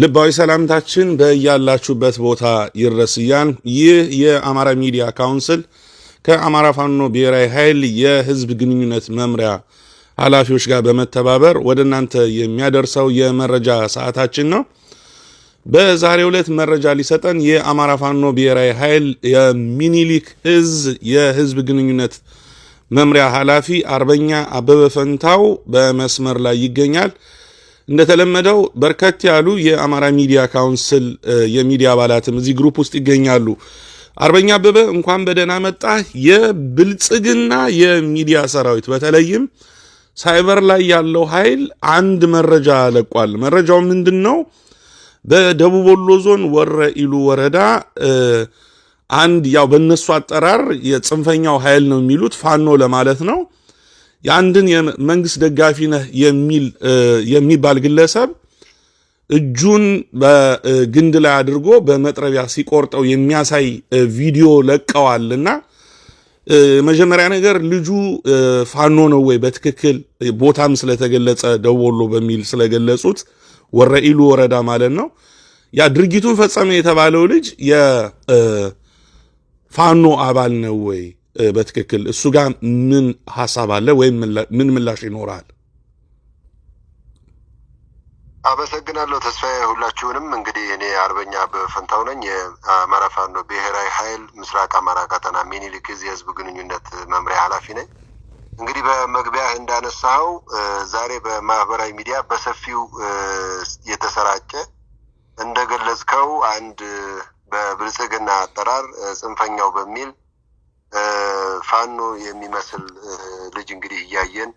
ልባዊ ሰላምታችን በያላችሁበት ቦታ ይረስያል። ይህ የአማራ ሚዲያ ካውንስል ከአማራ ፋኖ ብሔራዊ ኃይል የህዝብ ግንኙነት መምሪያ ኃላፊዎች ጋር በመተባበር ወደ እናንተ የሚያደርሰው የመረጃ ሰዓታችን ነው። በዛሬ ዕለት መረጃ ሊሰጠን የአማራ ፋኖ ብሔራዊ ኃይል የሚኒሊክ እዝ የህዝብ ግንኙነት መምሪያ ኃላፊ አርበኛ አበበ ፈንታው በመስመር ላይ ይገኛል። እንደተለመደው በርከት ያሉ የአማራ ሚዲያ ካውንስል የሚዲያ አባላትም እዚህ ግሩፕ ውስጥ ይገኛሉ። አርበኛ አበበ እንኳን በደህና መጣ። የብልጽግና የሚዲያ ሰራዊት በተለይም ሳይበር ላይ ያለው ኃይል አንድ መረጃ ለቋል። መረጃው ምንድን ነው? በደቡብ ወሎ ዞን ወረ ኢሉ ወረዳ አንድ ያው በእነሱ አጠራር የጽንፈኛው ኃይል ነው የሚሉት ፋኖ ለማለት ነው የአንድን የመንግስት ደጋፊ ነህ የሚባል ግለሰብ እጁን በግንድ ላይ አድርጎ በመጥረቢያ ሲቆርጠው የሚያሳይ ቪዲዮ ለቀዋል እና መጀመሪያ ነገር ልጁ ፋኖ ነው ወይ በትክክል ቦታም ስለተገለጸ ደወሎ በሚል ስለገለጹት ወረኢሉ ወረዳ ማለት ነው። ያ ድርጊቱን ፈጸመ የተባለው ልጅ የፋኖ አባል ነው ወይ በትክክል እሱ ጋር ምን ሀሳብ አለ ወይም ምን ምላሽ ይኖራል? አመሰግናለሁ ተስፋዬ፣ ሁላችሁንም እንግዲህ እኔ አርበኛ በፈንታው ነኝ። የአማራ ፋኖ ብሔራዊ ኃይል ምስራቅ አማራ ቀጠና ሚኒሊክ እዝ የህዝብ ግንኙነት መምሪያ ኃላፊ ነኝ። እንግዲህ በመግቢያ እንዳነሳኸው ዛሬ በማህበራዊ ሚዲያ በሰፊው የተሰራጨ እንደገለጽከው አንድ በብልጽግና አጠራር ጽንፈኛው በሚል ፋኖ የሚመስል ልጅ እንግዲህ እያየን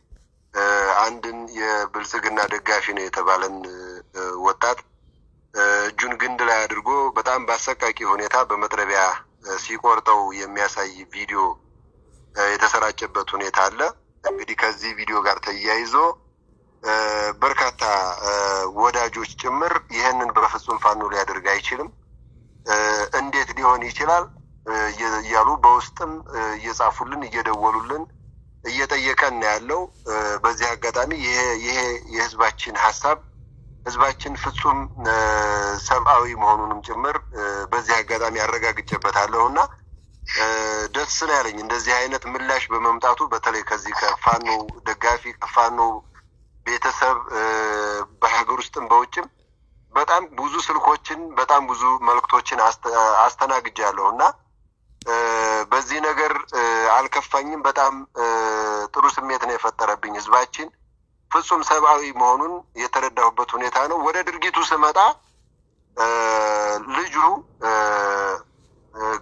አንድን የብልጽግና ደጋፊ ነው የተባለን ወጣት እጁን ግንድ ላይ አድርጎ በጣም በአሰቃቂ ሁኔታ በመጥረቢያ ሲቆርጠው የሚያሳይ ቪዲዮ የተሰራጨበት ሁኔታ አለ። እንግዲህ ከዚህ ቪዲዮ ጋር ተያይዞ በርካታ ወዳጆች ጭምር ይህንን በፍጹም ፋኖ ሊያደርግ አይችልም፣ እንዴት ሊሆን ይችላል እያሉ በውስጥም እየጻፉልን እየደወሉልን እየጠየቀን ነው ያለው። በዚህ አጋጣሚ ይሄ የህዝባችን ሀሳብ ህዝባችን ፍጹም ሰብአዊ መሆኑንም ጭምር በዚህ አጋጣሚ አረጋግጬበታለሁ እና ደስ ነው ያለኝ እንደዚህ አይነት ምላሽ በመምጣቱ በተለይ ከዚህ ከፋኖ ደጋፊ ከፋኖ ቤተሰብ በሀገር ውስጥም በውጭም በጣም ብዙ ስልኮችን በጣም ብዙ መልክቶችን አስተናግጃለሁ እና በዚህ ነገር አልከፋኝም። በጣም ጥሩ ስሜት ነው የፈጠረብኝ። ህዝባችን ፍጹም ሰብአዊ መሆኑን የተረዳሁበት ሁኔታ ነው። ወደ ድርጊቱ ስመጣ ልጁ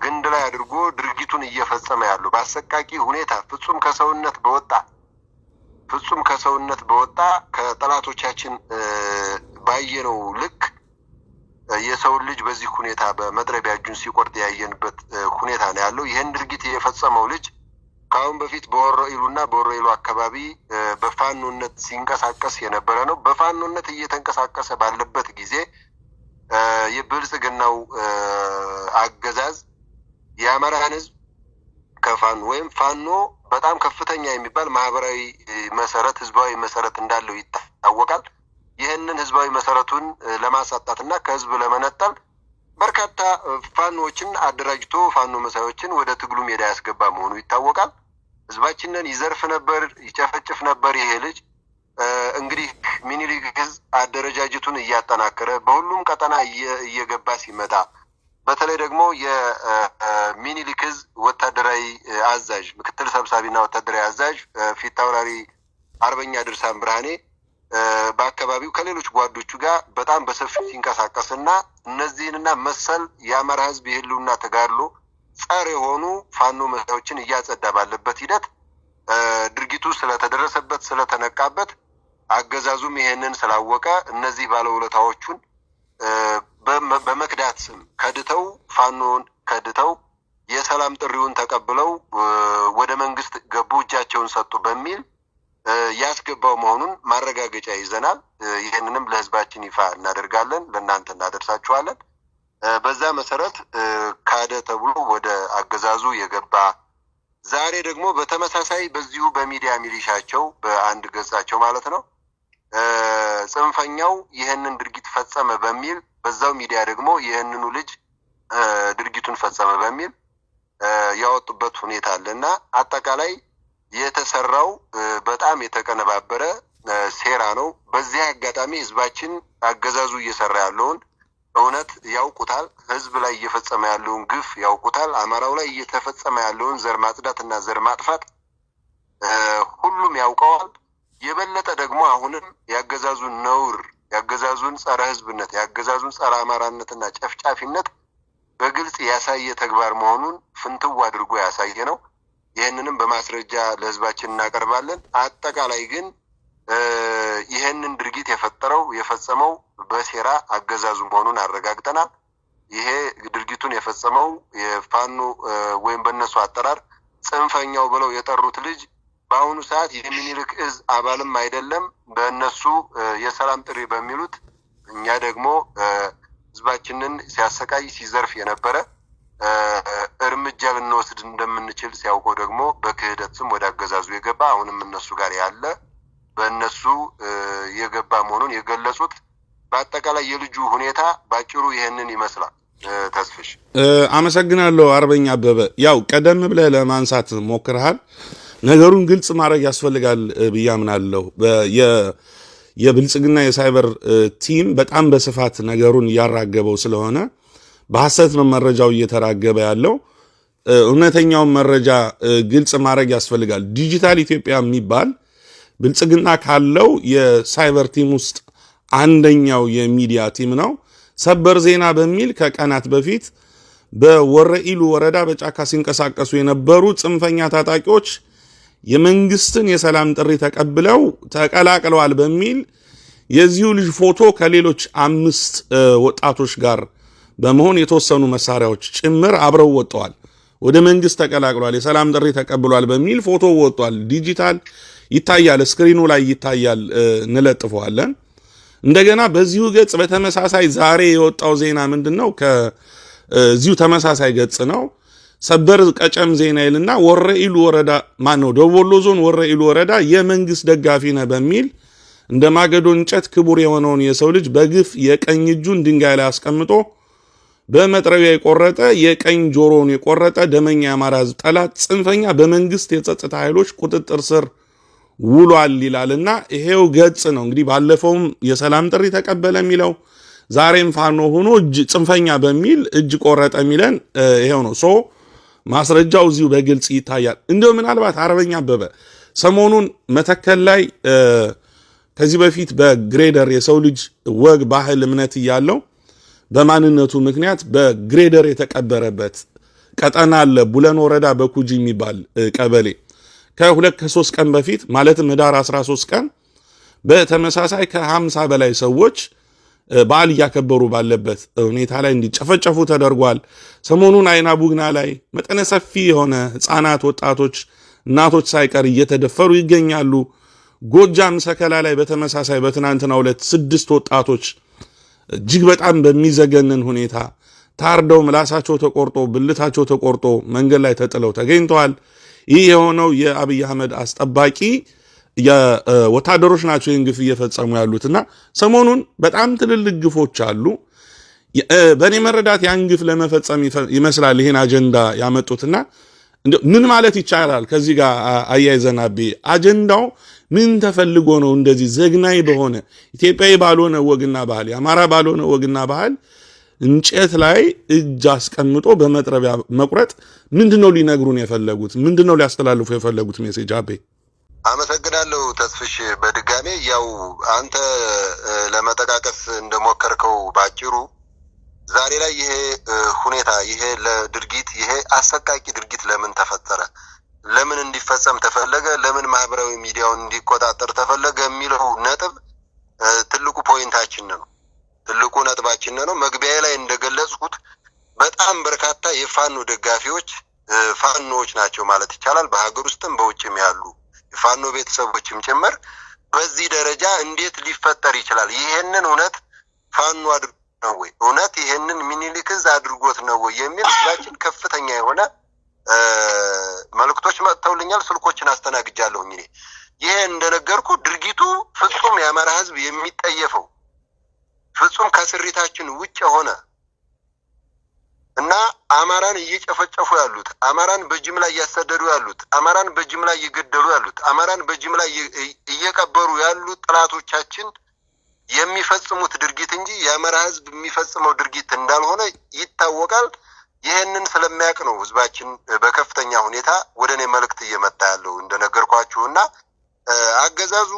ግንድ ላይ አድርጎ ድርጊቱን እየፈጸመ ያሉ በአሰቃቂ ሁኔታ ፍጹም ከሰውነት በወጣ ፍጹም ከሰውነት በወጣ ከጠላቶቻችን ባየነው ልክ የሰውን ልጅ በዚህ ሁኔታ በመጥረቢያ እጁን ሲቆርጥ ያየንበት ሁኔታ ነው ያለው። ይህን ድርጊት የፈጸመው ልጅ ከአሁን በፊት በወረኢሉና በወረኢሉ አካባቢ በፋኖነት ሲንቀሳቀስ የነበረ ነው። በፋኖነት እየተንቀሳቀሰ ባለበት ጊዜ የብልጽግናው አገዛዝ የአማራን ህዝብ ከፋኖ ወይም ፋኖ በጣም ከፍተኛ የሚባል ማህበራዊ መሰረት፣ ህዝባዊ መሰረት እንዳለው ይታወቃል። ይህንን ህዝባዊ መሰረቱን ለማሳጣትና ከህዝብ ለመነጠል በርካታ ፋኖዎችን አደራጅቶ ፋኖ መሳዮችን ወደ ትግሉ ሜዳ ያስገባ መሆኑ ይታወቃል። ህዝባችንን ይዘርፍ ነበር፣ ይጨፈጭፍ ነበር። ይሄ ልጅ እንግዲህ ሚኒሊክ ህዝ አደረጃጀቱን እያጠናከረ በሁሉም ቀጠና እየገባ ሲመጣ በተለይ ደግሞ የሚኒሊክ ህዝ ወታደራዊ አዛዥ ምክትል ሰብሳቢና ወታደራዊ አዛዥ ፊት አርበኛ ድርሳን ብርሃኔ በአካባቢው ከሌሎች ጓዶቹ ጋር በጣም በሰፊ ሲንቀሳቀስ እነዚህንና መሰል የአማራ ህዝብ የህልውና ተጋድሎ ጸር የሆኑ ፋኖ መሳዮችን እያጸዳ ባለበት ሂደት ድርጊቱ ስለተደረሰበት ስለተነቃበት አገዛዙም ይሄንን ስላወቀ እነዚህ ባለውለታዎቹን በመክዳት ስም ከድተው ፋኖን ከድተው የሰላም ጥሪውን ተቀብለው ወደ መንግስት ገቡ፣ እጃቸውን ሰጡ በሚል ያስገባው መሆኑን ማረጋገጫ ይዘናል። ይህንንም ለህዝባችን ይፋ እናደርጋለን፣ ለእናንተ እናደርሳችኋለን። በዛ መሰረት ካደ ተብሎ ወደ አገዛዙ የገባ ዛሬ ደግሞ በተመሳሳይ በዚሁ በሚዲያ ሚሊሻቸው በአንድ ገጻቸው ማለት ነው ጽንፈኛው ይህንን ድርጊት ፈጸመ በሚል በዛው ሚዲያ ደግሞ ይህንኑ ልጅ ድርጊቱን ፈጸመ በሚል ያወጡበት ሁኔታ አለ እና አጠቃላይ የተሰራው በጣም የተቀነባበረ ሴራ ነው። በዚህ አጋጣሚ ህዝባችን አገዛዙ እየሰራ ያለውን እውነት ያውቁታል። ህዝብ ላይ እየፈጸመ ያለውን ግፍ ያውቁታል። አማራው ላይ እየተፈጸመ ያለውን ዘር ማጽዳት እና ዘር ማጥፋት ሁሉም ያውቀዋል። የበለጠ ደግሞ አሁንም ያገዛዙን ነውር፣ ያገዛዙን ጸረ ህዝብነት፣ ያገዛዙን ጸረ አማራነትና ጨፍጫፊነት በግልጽ ያሳየ ተግባር መሆኑን ፍንትው አድርጎ ያሳየ ነው። ይህንንም በማስረጃ ለህዝባችን እናቀርባለን። አጠቃላይ ግን ይህንን ድርጊት የፈጠረው የፈጸመው በሴራ አገዛዙ መሆኑን አረጋግጠናል። ይሄ ድርጊቱን የፈጸመው የፋኖ ወይም በእነሱ አጠራር ጽንፈኛው ብለው የጠሩት ልጅ በአሁኑ ሰዓት የሚኒልክ እዝ አባልም አይደለም። በእነሱ የሰላም ጥሪ በሚሉት እኛ ደግሞ ህዝባችንን ሲያሰቃይ ሲዘርፍ የነበረ እርምጃ ልንወስድ እንደምንችል ሲያውቀው ደግሞ በክህደት ስም ወደ አገዛዙ የገባ አሁንም እነሱ ጋር ያለ በእነሱ የገባ መሆኑን የገለጹት። በአጠቃላይ የልጁ ሁኔታ ባጭሩ ይህንን ይመስላል። ተስፍሽ አመሰግናለሁ። አርበኛ አበበ ያው ቀደም ብለህ ለማንሳት ሞክረሃል። ነገሩን ግልጽ ማድረግ ያስፈልጋል ብዬ አምናለሁ። የብልጽግና የሳይበር ቲም በጣም በስፋት ነገሩን እያራገበው ስለሆነ በሐሰት ነው መረጃው እየተራገበ ያለው። እውነተኛውን መረጃ ግልጽ ማድረግ ያስፈልጋል። ዲጂታል ኢትዮጵያ የሚባል ብልጽግና ካለው የሳይበር ቲም ውስጥ አንደኛው የሚዲያ ቲም ነው። ሰበር ዜና በሚል ከቀናት በፊት በወረኢሉ ወረዳ በጫካ ሲንቀሳቀሱ የነበሩ ጽንፈኛ ታጣቂዎች የመንግስትን የሰላም ጥሪ ተቀብለው ተቀላቅለዋል በሚል የዚሁ ልጅ ፎቶ ከሌሎች አምስት ወጣቶች ጋር በመሆን የተወሰኑ መሳሪያዎች ጭምር አብረው ወጥተዋል። ወደ መንግስት ተቀላቅሏል፣ የሰላም ጥሪ ተቀብሏል በሚል ፎቶ ወጥቷል። ዲጂታል ይታያል፣ ስክሪኑ ላይ ይታያል፣ እንለጥፈዋለን። እንደገና በዚሁ ገጽ በተመሳሳይ ዛሬ የወጣው ዜና ምንድን ነው? ከዚሁ ተመሳሳይ ገጽ ነው። ሰበር ቀጨም ዜና ይልና ወረኢሉ ወረዳ ማን ነው ደቡብ ወሎ ዞን ወረኢሉ ወረዳ የመንግስት ደጋፊ ነህ በሚል እንደ ማገዶ እንጨት ክቡር የሆነውን የሰው ልጅ በግፍ የቀኝ እጁን ድንጋይ ላይ አስቀምጦ በመጥረቢያ የቆረጠ የቀኝ ጆሮውን የቆረጠ ደመኛ የአማራ ሕዝብ ጠላት ጽንፈኛ በመንግስት የጸጥታ ኃይሎች ቁጥጥር ስር ውሏል ይላልና ይሄው ገጽ ነው እንግዲህ ባለፈውም የሰላም ጥሪ ተቀበለ የሚለው ዛሬም ፋኖ ሆኖ እጅ ጽንፈኛ በሚል እጅ ቆረጠ የሚለን ይሄው ነው። ሶ ማስረጃው እዚሁ በግልጽ ይታያል። እንዲሁ ምናልባት አርበኛ አበበ ሰሞኑን መተከል ላይ ከዚህ በፊት በግሬደር የሰው ልጅ ወግ ባህል እምነት እያለው በማንነቱ ምክንያት በግሬደር የተቀበረበት ቀጠና አለ። ቡለን ወረዳ በኩጂ የሚባል ቀበሌ ከሁለት ከሶስት ቀን በፊት ማለትም ህዳር 13 ቀን በተመሳሳይ ከ50 በላይ ሰዎች በዓል እያከበሩ ባለበት ሁኔታ ላይ እንዲጨፈጨፉ ተደርጓል። ሰሞኑን አይና ቡግና ላይ መጠነ ሰፊ የሆነ ህፃናት፣ ወጣቶች፣ እናቶች ሳይቀር እየተደፈሩ ይገኛሉ። ጎጃም ሰከላ ላይ በተመሳሳይ በትናንትና ሁለት ስድስት ወጣቶች እጅግ በጣም በሚዘገንን ሁኔታ ታርደው ምላሳቸው ተቆርጦ ብልታቸው ተቆርጦ መንገድ ላይ ተጥለው ተገኝተዋል። ይህ የሆነው የአብይ አህመድ አስጠባቂ ወታደሮች ናቸው ይህን ግፍ እየፈጸሙ ያሉትና ሰሞኑን በጣም ትልልቅ ግፎች አሉ። በእኔ መረዳት ያን ግፍ ለመፈጸም ይመስላል ይህን አጀንዳ ያመጡትና ምን ማለት ይቻላል? ከዚህ ጋር አያይዘናቤ አጀንዳው ምን ተፈልጎ ነው እንደዚህ ዘግናይ በሆነ ኢትዮጵያዊ ባልሆነ ወግና ባህል የአማራ ባልሆነ ወግና ባህል እንጨት ላይ እጅ አስቀምጦ በመጥረቢያ መቁረጥ ምንድነው ሊነግሩን የፈለጉት? ምንድነው ሊያስተላልፉ የፈለጉት ሜሴጅ? አቤ አመሰግናለሁ ተስፍሽ። በድጋሜ ያው አንተ ለመጠቃቀስ እንደሞከርከው ባጭሩ ዛሬ ላይ ይሄ ሁኔታ ይሄ ለድርጊት ይሄ አሰቃቂ ድርጊት ለምን ተፈጠረ? ለምን እንዲፈጸም ተፈለገ፣ ለምን ማህበራዊ ሚዲያውን እንዲቆጣጠር ተፈለገ የሚለው ነጥብ ትልቁ ፖይንታችን ነው፣ ትልቁ ነጥባችን ነው። መግቢያ ላይ እንደገለጽኩት በጣም በርካታ የፋኖ ደጋፊዎች ፋኖዎች ናቸው ማለት ይቻላል። በሀገር ውስጥም በውጭም ያሉ የፋኖ ቤተሰቦችም ጭምር በዚህ ደረጃ እንዴት ሊፈጠር ይችላል? ይሄንን እውነት ፋኖ አድርጎት ነው ወይ? እውነት ይህንን ሚኒሊክዝ አድርጎት ነው ወይ የሚል ህዝባችን ከፍተኛ የሆነ መልእክቶች መጥተውልኛል። ስልኮችን አስተናግጃለሁ። እኔ ይሄ እንደነገርኩ ድርጊቱ ፍጹም የአማራ ህዝብ የሚጠየፈው ፍጹም ከስሪታችን ውጭ የሆነ እና አማራን እየጨፈጨፉ ያሉት አማራን በጅምላ እያሰደዱ ያሉት አማራን በጅምላ እየገደሉ ያሉት አማራን በጅምላ እየቀበሩ ያሉት ጥላቶቻችን የሚፈጽሙት ድርጊት እንጂ የአማራ ህዝብ የሚፈጽመው ድርጊት እንዳልሆነ ይታወቃል። ይህንን ስለሚያውቅ ነው ህዝባችን በከፍተኛ ሁኔታ ወደ እኔ መልእክት እየመጣ ያለው እንደነገርኳችሁ እና አገዛዙ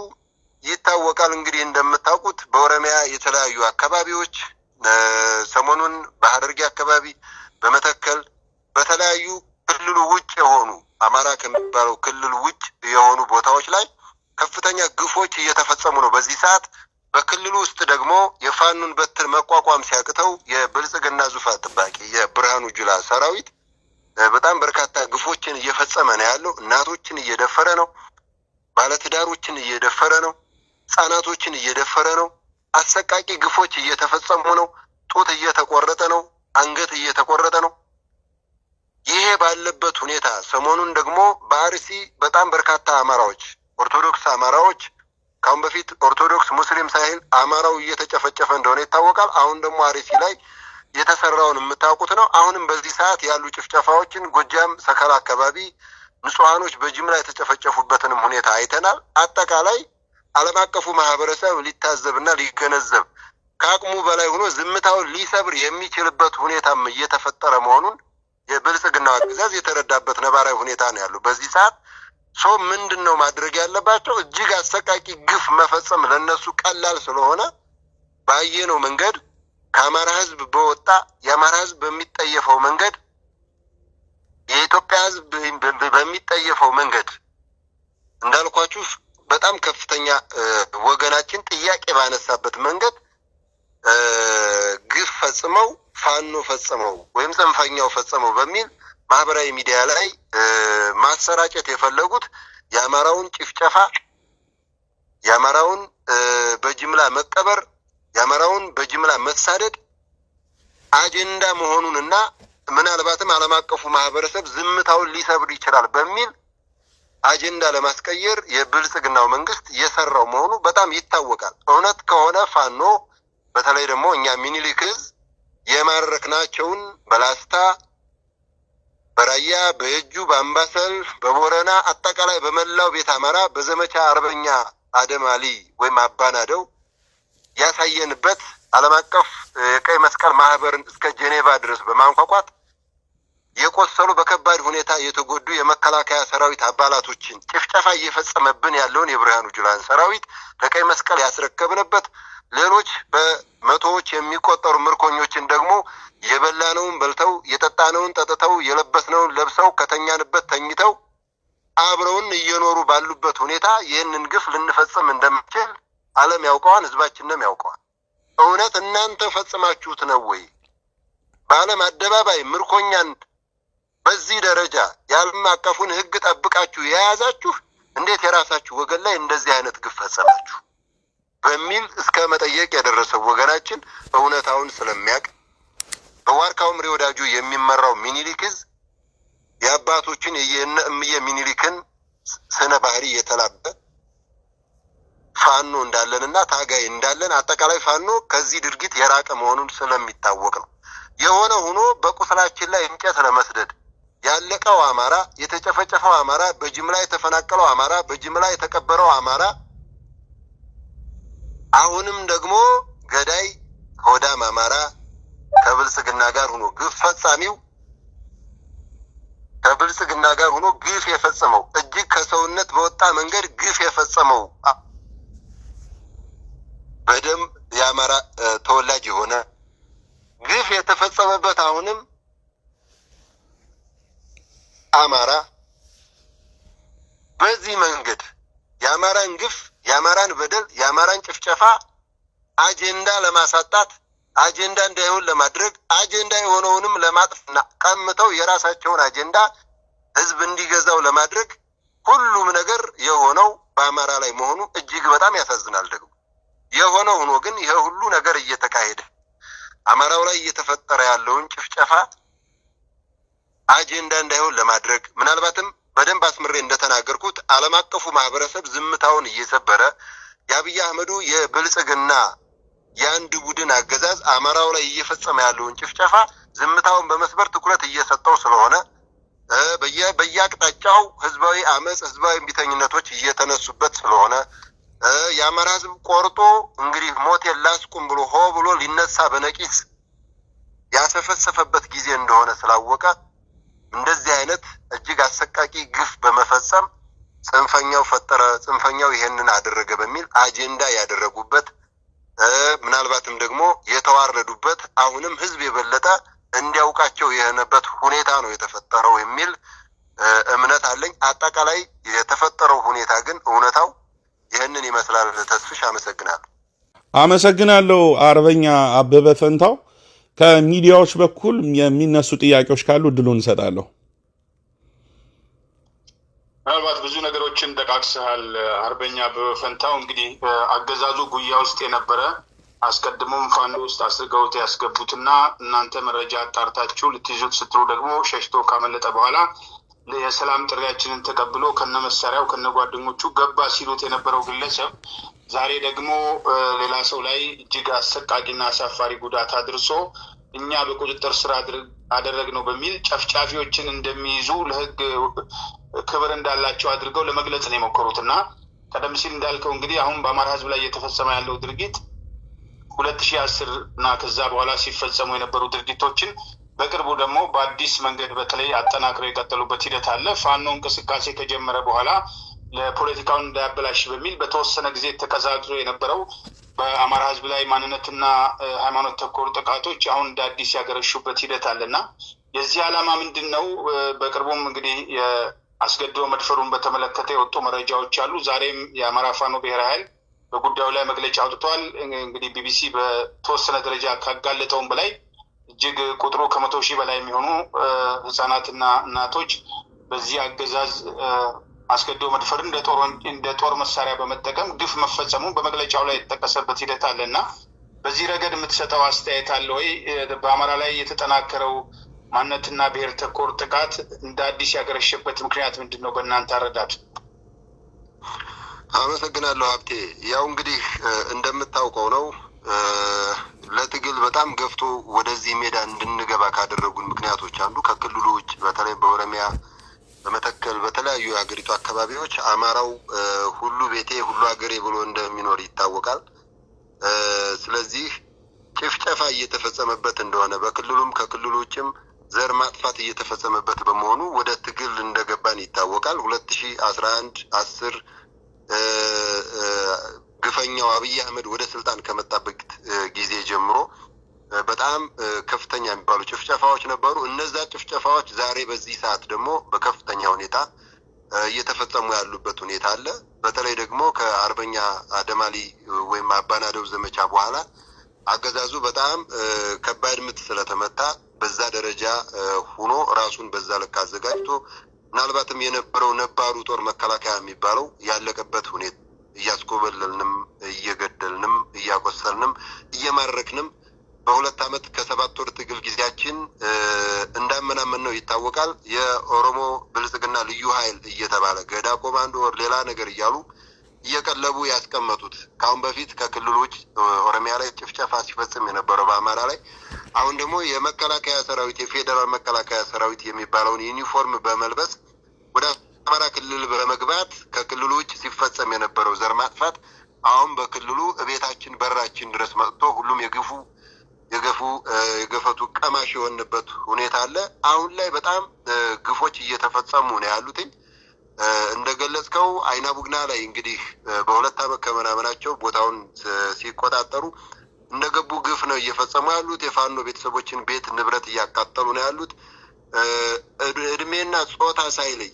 ይታወቃል። እንግዲህ እንደምታውቁት በኦሮሚያ የተለያዩ አካባቢዎች ሰሞኑን በሀረርጌ አካባቢ፣ በመተከል በተለያዩ ክልሉ ውጭ የሆኑ አማራ ከሚባለው ክልል ውጭ የሆኑ ቦታዎች ላይ ከፍተኛ ግፎች እየተፈጸሙ ነው በዚህ ሰዓት በክልሉ ውስጥ ደግሞ የፋኑን በትር መቋቋም ሲያቅተው የብልጽግና ዙፋን ጠባቂ የብርሃኑ ጁላ ሰራዊት በጣም በርካታ ግፎችን እየፈጸመ ነው ያለው። እናቶችን እየደፈረ ነው። ባለትዳሮችን እየደፈረ ነው። ህጻናቶችን እየደፈረ ነው። አሰቃቂ ግፎች እየተፈጸሙ ነው። ጡት እየተቆረጠ ነው። አንገት እየተቆረጠ ነው። ይሄ ባለበት ሁኔታ ሰሞኑን ደግሞ በአርሲ በጣም በርካታ አማራዎች ኦርቶዶክስ አማራዎች ከአሁን በፊት ኦርቶዶክስ ሙስሊም ሳይል አማራው እየተጨፈጨፈ እንደሆነ ይታወቃል። አሁን ደግሞ አርሲ ላይ የተሰራውን የምታውቁት ነው። አሁንም በዚህ ሰዓት ያሉ ጭፍጨፋዎችን ጎጃም ሰከላ አካባቢ ንጹሐኖች በጅምላ የተጨፈጨፉበትንም ሁኔታ አይተናል። አጠቃላይ ዓለም አቀፉ ማህበረሰብ ሊታዘብና ሊገነዘብ ከአቅሙ በላይ ሆኖ ዝምታውን ሊሰብር የሚችልበት ሁኔታም እየተፈጠረ መሆኑን የብልጽግናው አገዛዝ የተረዳበት ነባራዊ ሁኔታ ነው ያሉ በዚህ ሰዓት ሶ ምንድን ነው ማድረግ ያለባቸው? እጅግ አሰቃቂ ግፍ መፈጸም ለነሱ ቀላል ስለሆነ ባየነው መንገድ ከአማራ ህዝብ በወጣ የአማራ ህዝብ በሚጠየፈው መንገድ የኢትዮጵያ ህዝብ በሚጠየፈው መንገድ እንዳልኳችሁ በጣም ከፍተኛ ወገናችን ጥያቄ ባነሳበት መንገድ ግፍ ፈጽመው ፋኖ ፈጽመው ወይም ጽንፈኛው ፈጽመው በሚል ማህበራዊ ሚዲያ ላይ ማሰራጨት የፈለጉት የአማራውን ጭፍጨፋ፣ የአማራውን በጅምላ መቀበር፣ የአማራውን በጅምላ መሳደድ አጀንዳ መሆኑን እና ምናልባትም ዓለም አቀፉ ማህበረሰብ ዝምታውን ሊሰብር ይችላል በሚል አጀንዳ ለማስቀየር የብልጽግናው መንግስት የሰራው መሆኑ በጣም ይታወቃል። እውነት ከሆነ ፋኖ በተለይ ደግሞ እኛ ሚኒሊክ እዝ የማረክናቸውን በላስታ በራያ በእጁ በአምባሰል በቦረና አጠቃላይ በመላው ቤት አማራ በዘመቻ አርበኛ አደም አሊ ወይም አባናደው ያሳየንበት ዓለም አቀፍ የቀይ መስቀል ማህበርን እስከ ጄኔቫ ድረስ በማንኳኳት የቆሰሉ በከባድ ሁኔታ የተጎዱ የመከላከያ ሰራዊት አባላቶችን ጭፍጨፋ እየፈጸመብን ያለውን የብርሃኑ ጁላን ሰራዊት ለቀይ መስቀል ያስረከብንበት ሌሎች በመቶዎች የሚቆጠሩ ምርኮኞችን ደግሞ የበላነውን በልተው የጠጣነውን ጠጥተው የለበስነውን ለብሰው ከተኛንበት ተኝተው አብረውን እየኖሩ ባሉበት ሁኔታ ይህንን ግፍ ልንፈጽም እንደምንችል ዓለም ያውቀዋል፣ ህዝባችንም ያውቀዋል። እውነት እናንተ ፈጽማችሁት ነው ወይ? በዓለም አደባባይ ምርኮኛን በዚህ ደረጃ የዓለም አቀፉን ህግ ጠብቃችሁ የያዛችሁ እንዴት የራሳችሁ ወገን ላይ እንደዚህ አይነት ግፍ ፈጸማችሁ? እስከ መጠየቅ ያደረሰው ወገናችን እውነታውን ስለሚያውቅ በዋርካው ምሬ ወዳጁ የሚመራው ሚኒሊክዝ የአባቶችን የእነ ሚኒሊክን ስነ ባህሪ የተላበ ፋኖ እንዳለንና ታጋይ እንዳለን አጠቃላይ ፋኖ ከዚህ ድርጊት የራቀ መሆኑን ስለሚታወቅ ነው። የሆነ ሆኖ በቁስላችን ላይ እንጨት ለመስደድ ያለቀው አማራ፣ የተጨፈጨፈው አማራ፣ በጅምላ የተፈናቀለው አማራ፣ በጅምላ የተቀበረው አማራ አሁንም ደግሞ ገዳይ ከወዳም አማራ ከብልጽግና ጋር ሆኖ ግፍ ፈጻሚው ከብልጽግና ጋር ሆኖ ግፍ የፈጸመው እጅግ ከሰውነት በወጣ መንገድ ግፍ የፈጸመው በደም የአማራ ተወላጅ የሆነ ግፍ የተፈጸመበት አሁንም አጀንዳ ለማሳጣት አጀንዳ እንዳይሆን ለማድረግ አጀንዳ የሆነውንም ለማጥፍና ቀምተው የራሳቸውን አጀንዳ ህዝብ እንዲገዛው ለማድረግ ሁሉም ነገር የሆነው በአማራ ላይ መሆኑ እጅግ በጣም ያሳዝናል። ደግሞ የሆነ ሆኖ ግን ይሄ ሁሉ ነገር እየተካሄደ አማራው ላይ እየተፈጠረ ያለውን ጭፍጨፋ አጀንዳ እንዳይሆን ለማድረግ ምናልባትም በደንብ አስምሬ እንደተናገርኩት ዓለም አቀፉ ማህበረሰብ ዝምታውን እየሰበረ የአብይ አህመዱ የብልጽግና የአንድ ቡድን አገዛዝ አማራው ላይ እየፈጸመ ያለውን ጭፍጨፋ ዝምታውን በመስበር ትኩረት እየሰጠው ስለሆነ በየአቅጣጫው ህዝባዊ አመፅ፣ ህዝባዊ እምቢተኝነቶች እየተነሱበት ስለሆነ የአማራ ህዝብ ቆርጦ እንግዲህ ሞቴን ላስቁም ብሎ ሆ ብሎ ሊነሳ በነቂስ ያሰፈሰፈበት ጊዜ እንደሆነ ስላወቀ እንደዚህ አይነት እጅግ አሰቃቂ ግፍ በመፈጸም ጽንፈኛው ፈጠረ፣ ጽንፈኛው ይሄንን አደረገ በሚል አጀንዳ ያደረጉበት ምናልባትም ደግሞ የተዋረዱበት አሁንም ህዝብ የበለጠ እንዲያውቃቸው የሆነበት ሁኔታ ነው የተፈጠረው የሚል እምነት አለኝ። አጠቃላይ የተፈጠረው ሁኔታ ግን እውነታው ይህንን ይመስላል። ተስፍሽ አመሰግናለሁ። አመሰግናለሁ አርበኛ አበበ ፈንታው። ከሚዲያዎች በኩል የሚነሱ ጥያቄዎች ካሉ እድሉን እንሰጣለሁ። ምናልባት ብዙ ነገሮችን ጠቃቅሰሃል አርበኛ በፈንታው እንግዲህ አገዛዙ ጉያ ውስጥ የነበረ አስቀድሞም ፋኖ ውስጥ አስርገውት ያስገቡትና እናንተ መረጃ አጣርታችሁ ልትይዙት ስትሉ ደግሞ ሸሽቶ ካመለጠ በኋላ የሰላም ጥሪያችንን ተቀብሎ ከነ መሳሪያው ከነ ጓደኞቹ ገባ ሲሉት የነበረው ግለሰብ ዛሬ ደግሞ ሌላ ሰው ላይ እጅግ አሰቃቂና አሳፋሪ ጉዳት አድርሶ እኛ በቁጥጥር ስር አድርግ አደረግ ነው በሚል ጨፍጫፊዎችን እንደሚይዙ ለህግ ክብር እንዳላቸው አድርገው ለመግለጽ ነው የሞከሩት እና ቀደም ሲል እንዳልከው እንግዲህ አሁን በአማራ ህዝብ ላይ እየተፈጸመ ያለው ድርጊት ሁለት ሺህ አስር እና ከዛ በኋላ ሲፈጸሙ የነበሩ ድርጊቶችን በቅርቡ ደግሞ በአዲስ መንገድ በተለይ አጠናክረው የቀጠሉበት ሂደት አለ። ፋኖ እንቅስቃሴ ከጀመረ በኋላ ለፖለቲካውን እንዳያበላሽ በሚል በተወሰነ ጊዜ ተቀዛቅዞ የነበረው በአማራ ህዝብ ላይ ማንነትና ሃይማኖት ተኮር ጥቃቶች አሁን እንደ አዲስ ያገረሹበት ሂደት አለና የዚህ ዓላማ ምንድን ነው? በቅርቡም እንግዲህ አስገድዶ መድፈሩን በተመለከተ የወጡ መረጃዎች አሉ። ዛሬም የአማራ ፋኖ ብሔራዊ ኃይል በጉዳዩ ላይ መግለጫ አውጥቷል። እንግዲህ ቢቢሲ በተወሰነ ደረጃ ካጋለጠውም በላይ እጅግ ቁጥሩ ከመቶ ሺህ በላይ የሚሆኑ ህጻናትና እናቶች በዚህ አገዛዝ አስገድዶ መድፈር እንደ ጦር መሳሪያ በመጠቀም ግፍ መፈጸሙን በመግለጫው ላይ የተጠቀሰበት ሂደት አለ እና በዚህ ረገድ የምትሰጠው አስተያየት አለ ወይ? በአማራ ላይ የተጠናከረው ማንነትና ብሔር ተኮር ጥቃት እንደ አዲስ ያገረሸበት ምክንያት ምንድን ነው? በእናንተ አረዳድ። አመሰግናለሁ ሀብቴ። ያው እንግዲህ እንደምታውቀው ነው ለትግል በጣም ገፍቶ ወደዚህ ሜዳ እንድንገባ ካደረጉን ምክንያቶች አንዱ ከክልሉ ውጭ በተለይ በኦሮሚያ በመተከል በተለያዩ የሀገሪቱ አካባቢዎች አማራው ሁሉ ቤቴ ሁሉ ሀገሬ ብሎ እንደሚኖር ይታወቃል። ስለዚህ ጭፍጨፋ እየተፈጸመበት እንደሆነ በክልሉም ከክልሉ ውጭም ዘር ማጥፋት እየተፈጸመበት በመሆኑ ወደ ትግል እንደገባን ይታወቃል። ሁለት ሺ አስራ አንድ አስር ግፈኛው አብይ አህመድ ወደ ስልጣን ከመጣበት ጊዜ ጀምሮ በጣም ከፍተኛ የሚባሉ ጭፍጨፋዎች ነበሩ። እነዛ ጭፍጨፋዎች ዛሬ በዚህ ሰዓት ደግሞ በከፍተኛ ሁኔታ እየተፈጸሙ ያሉበት ሁኔታ አለ። በተለይ ደግሞ ከአርበኛ አደማሊ ወይም አባናደው ዘመቻ በኋላ አገዛዙ በጣም ከባድ ምት ስለተመታ በዛ ደረጃ ሆኖ ራሱን በዛ ልክ አዘጋጅቶ ምናልባትም የነበረው ነባሩ ጦር መከላከያ የሚባለው ያለቀበት ሁኔታ እያስኮበለልንም እየገደልንም እያቆሰልንም እየማረክንም በሁለት ዓመት ከሰባት ወር ትግል ጊዜያችን እንዳመናመን ነው ይታወቃል። የኦሮሞ ብልጽግና ልዩ ኃይል እየተባለ ገዳ ኮማንዶ ወር ሌላ ነገር እያሉ እየቀለቡ ያስቀመጡት ከአሁን በፊት ከክልሎች ኦሮሚያ ላይ ጭፍጨፋ ሲፈጽም የነበረው በአማራ ላይ አሁን ደግሞ የመከላከያ ሰራዊት የፌዴራል መከላከያ ሰራዊት የሚባለውን ዩኒፎርም በመልበስ ወደ አማራ ክልል በመግባት ከክልሎች ሲፈጸም የነበረው ዘር ማጥፋት አሁን በክልሉ እቤታችን በራችን ድረስ መጥቶ ሁሉም የግፉ የገፉ የገፈቱ ቀማሽ የሆንበት ሁኔታ አለ። አሁን ላይ በጣም ግፎች እየተፈጸሙ ነው ያሉትኝ እንደገለጽከው አይና ቡግና ላይ እንግዲህ በሁለት ዓመት ከመናመናቸው ቦታውን ሲቆጣጠሩ እንደገቡ ግፍ ነው እየፈጸሙ ያሉት። የፋኖ ቤተሰቦችን ቤት ንብረት እያቃጠሉ ነው ያሉት። እድሜና ጾታ ሳይለይ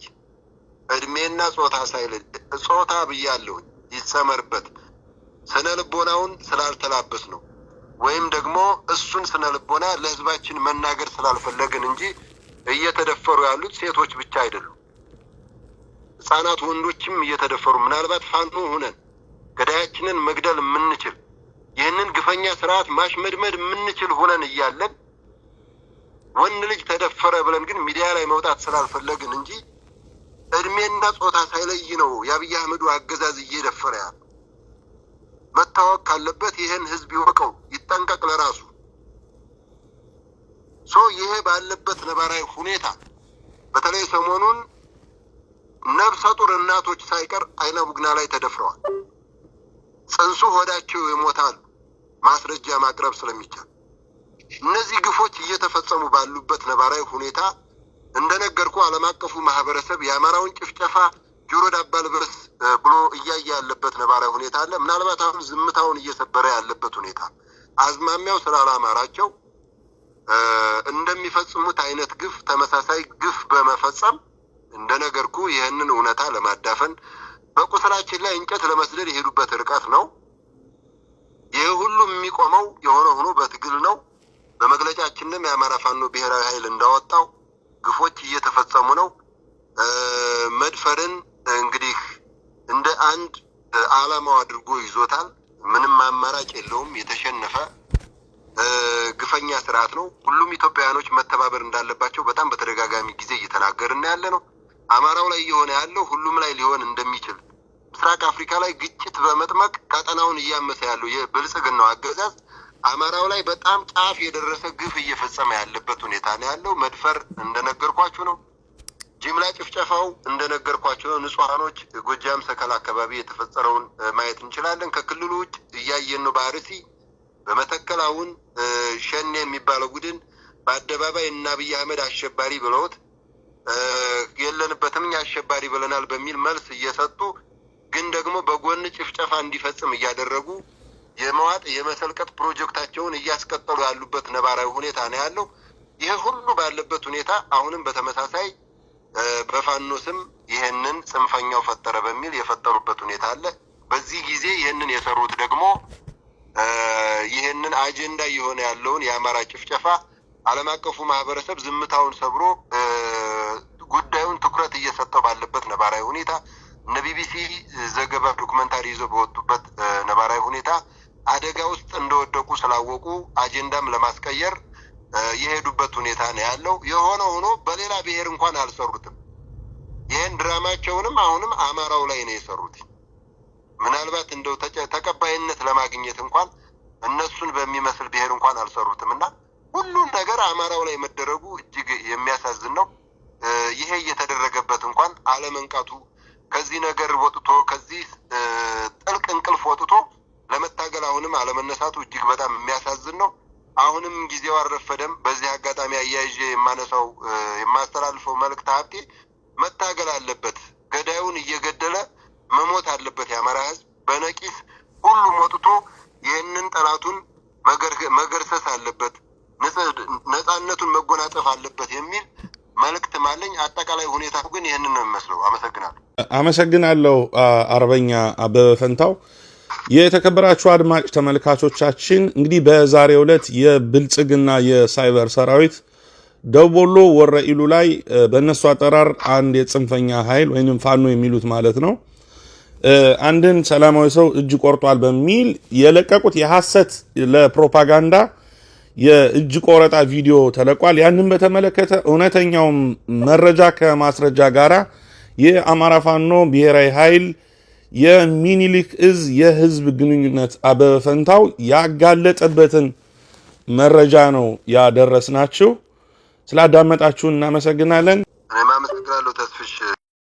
እድሜና ጾታ ሳይለይ ጾታ ብያለሁ ይሰመርበት። ስነ ልቦናውን ስላልተላበስ ነው ወይም ደግሞ እሱን ስነ ልቦና ለህዝባችን መናገር ስላልፈለግን እንጂ እየተደፈሩ ያሉት ሴቶች ብቻ አይደሉም። ህጻናት፣ ወንዶችም እየተደፈሩ ምናልባት ፋኖ ሁነን ገዳያችንን መግደል የምንችል ይህንን ግፈኛ ስርዓት ማሽመድመድ የምንችል ሁነን እያለን ወንድ ልጅ ተደፈረ ብለን ግን ሚዲያ ላይ መውጣት ስላልፈለግን እንጂ እድሜና ጾታ ሳይለይ ነው የአብይ አህመዱ አገዛዝ እየደፈረ ያለው። መታወቅ ካለበት ይህን ህዝብ ይወቀው፣ ይጠንቀቅ ለራሱ ሶ ይሄ ባለበት ነባራዊ ሁኔታ በተለይ ሰሞኑን ነፍሰ ጡር እናቶች ሳይቀር አይነ ቡግና ላይ ተደፍረዋል። ጽንሱ ሆዳቸው ይሞታል። ማስረጃ ማቅረብ ስለሚቻል እነዚህ ግፎች እየተፈጸሙ ባሉበት ነባራዊ ሁኔታ እንደነገርኩ ዓለም አቀፉ ማህበረሰብ የአማራውን ጭፍጨፋ ጆሮ ዳባ ልበስ ብሎ እያየ ያለበት ነባራዊ ሁኔታ አለ። ምናልባት አሁን ዝምታውን እየሰበረ ያለበት ሁኔታ አዝማሚያው ስላላማራቸው እንደሚፈጽሙት አይነት ግፍ ተመሳሳይ ግፍ በመፈጸም እንደነገርኩ ይህንን እውነታ ለማዳፈን በቁስላችን ላይ እንጨት ለመስደድ የሄዱበት ርቀት ነው። ይህ ሁሉ የሚቆመው የሆነ ሆኖ በትግል ነው። በመግለጫችንም የአማራ ፋኖ ብሔራዊ ኃይል እንዳወጣው ግፎች እየተፈጸሙ ነው። መድፈርን እንግዲህ እንደ አንድ አላማው አድርጎ ይዞታል። ምንም አማራጭ የለውም። የተሸነፈ ግፈኛ ስርዓት ነው። ሁሉም ኢትዮጵያውያኖች መተባበር እንዳለባቸው በጣም በተደጋጋሚ ጊዜ እየተናገርን ያለ ነው። አማራው ላይ እየሆነ ያለው ሁሉም ላይ ሊሆን እንደሚችል ምስራቅ አፍሪካ ላይ ግጭት በመጥመቅ ቀጠናውን እያመሰ ያለው የብልጽግናው አገዛዝ አማራው ላይ በጣም ጫፍ የደረሰ ግፍ እየፈጸመ ያለበት ሁኔታ ነው ያለው። መድፈር እንደነገርኳችሁ ነው። ጅምላ ጭፍጨፋው እንደነገርኳቸው ንጹሐኖች ጎጃም ሰከላ አካባቢ የተፈጠረውን ማየት እንችላለን። ከክልሉ ውጭ እያየን ነው። በአርሲ በመተከል አሁን ሸኔ የሚባለው ቡድን በአደባባይ እና አብይ አህመድ አሸባሪ ብለውት የለንበትም እኛ አሸባሪ ብለናል በሚል መልስ እየሰጡ ግን ደግሞ በጎን ጭፍጨፋ እንዲፈጽም እያደረጉ የመዋጥ የመሰልቀጥ ፕሮጀክታቸውን እያስቀጠሉ ያሉበት ነባራዊ ሁኔታ ነው ያለው። ይህ ሁሉ ባለበት ሁኔታ አሁንም በተመሳሳይ በፋኖ ስም ይህንን ጽንፈኛው ፈጠረ በሚል የፈጠሩበት ሁኔታ አለ። በዚህ ጊዜ ይህንን የሰሩት ደግሞ ይህንን አጀንዳ እየሆነ ያለውን የአማራ ጭፍጨፋ ዓለም አቀፉ ማህበረሰብ ዝምታውን ሰብሮ ጉዳዩን ትኩረት እየሰጠው ባለበት ነባራዊ ሁኔታ እነ ቢቢሲ ዘገባ ዶክመንታሪ ይዘው በወጡበት ነባራዊ ሁኔታ አደጋ ውስጥ እንደወደቁ ስላወቁ አጀንዳም ለማስቀየር የሄዱበት ሁኔታ ነው ያለው። የሆነ ሆኖ በሌላ ብሔር እንኳን አልሰሩትም። ይህን ድራማቸውንም አሁንም አማራው ላይ ነው የሰሩት። ምናልባት እንደው ተቀባይነት ለማግኘት እንኳን እነሱን በሚመስል ብሔር እንኳን አልሰሩትም እና ሁሉን ነገር አማራው ላይ መደረጉ እጅግ የሚያሳዝን ነው። ይሄ እየተደረገበት እንኳን አለመንቃቱ ከዚህ ነገር ወጥቶ ከዚህ ጥልቅ እንቅልፍ ወጥቶ ለመታገል አሁንም አለመነሳቱ እጅግ በጣም የሚያሳዝን ነው። አሁንም ጊዜው አልረፈደም። በዚህ አጋጣሚ አያይዤ የማነሳው የማስተላልፈው መልእክት ሀብቴ መታገል አለበት። ገዳዩን እየገደለ መሞት አለበት። የአማራ ህዝብ በነቂስ ሁሉም ወጥቶ ይህንን ጠላቱን መገርሰስ አለበት፣ ነፃነቱን መጎናጸፍ አለበት የሚል መልእክት ማለኝ። አጠቃላይ ሁኔታ ግን ይህንን ነው የሚመስለው። አመሰግናለሁ። አመሰግናለሁ አርበኛ አበበ ፈንታው። የተከበራችሁ አድማጭ ተመልካቾቻችን እንግዲህ በዛሬው ዕለት የብልጽግና የሳይበር ሰራዊት ደቡብ ወሎ ወረኢሉ ላይ በእነሱ አጠራር አንድ የጽንፈኛ ኃይል ወይም ፋኖ የሚሉት ማለት ነው አንድን ሰላማዊ ሰው እጅ ቆርጧል በሚል የለቀቁት የሐሰት ለፕሮፓጋንዳ የእጅ ቆረጣ ቪዲዮ ተለቋል። ያንን በተመለከተ እውነተኛውም መረጃ ከማስረጃ ጋራ የአማራ ፋኖ ብሔራዊ ኃይል የሚኒሊክ እዝ የህዝብ ግንኙነት አበበ ፈንታው ያጋለጠበትን መረጃ ነው ያደረስናችሁ። ስላዳመጣችሁ እናመሰግናለን። እኔም አመሰግናለሁ ተስፍሽ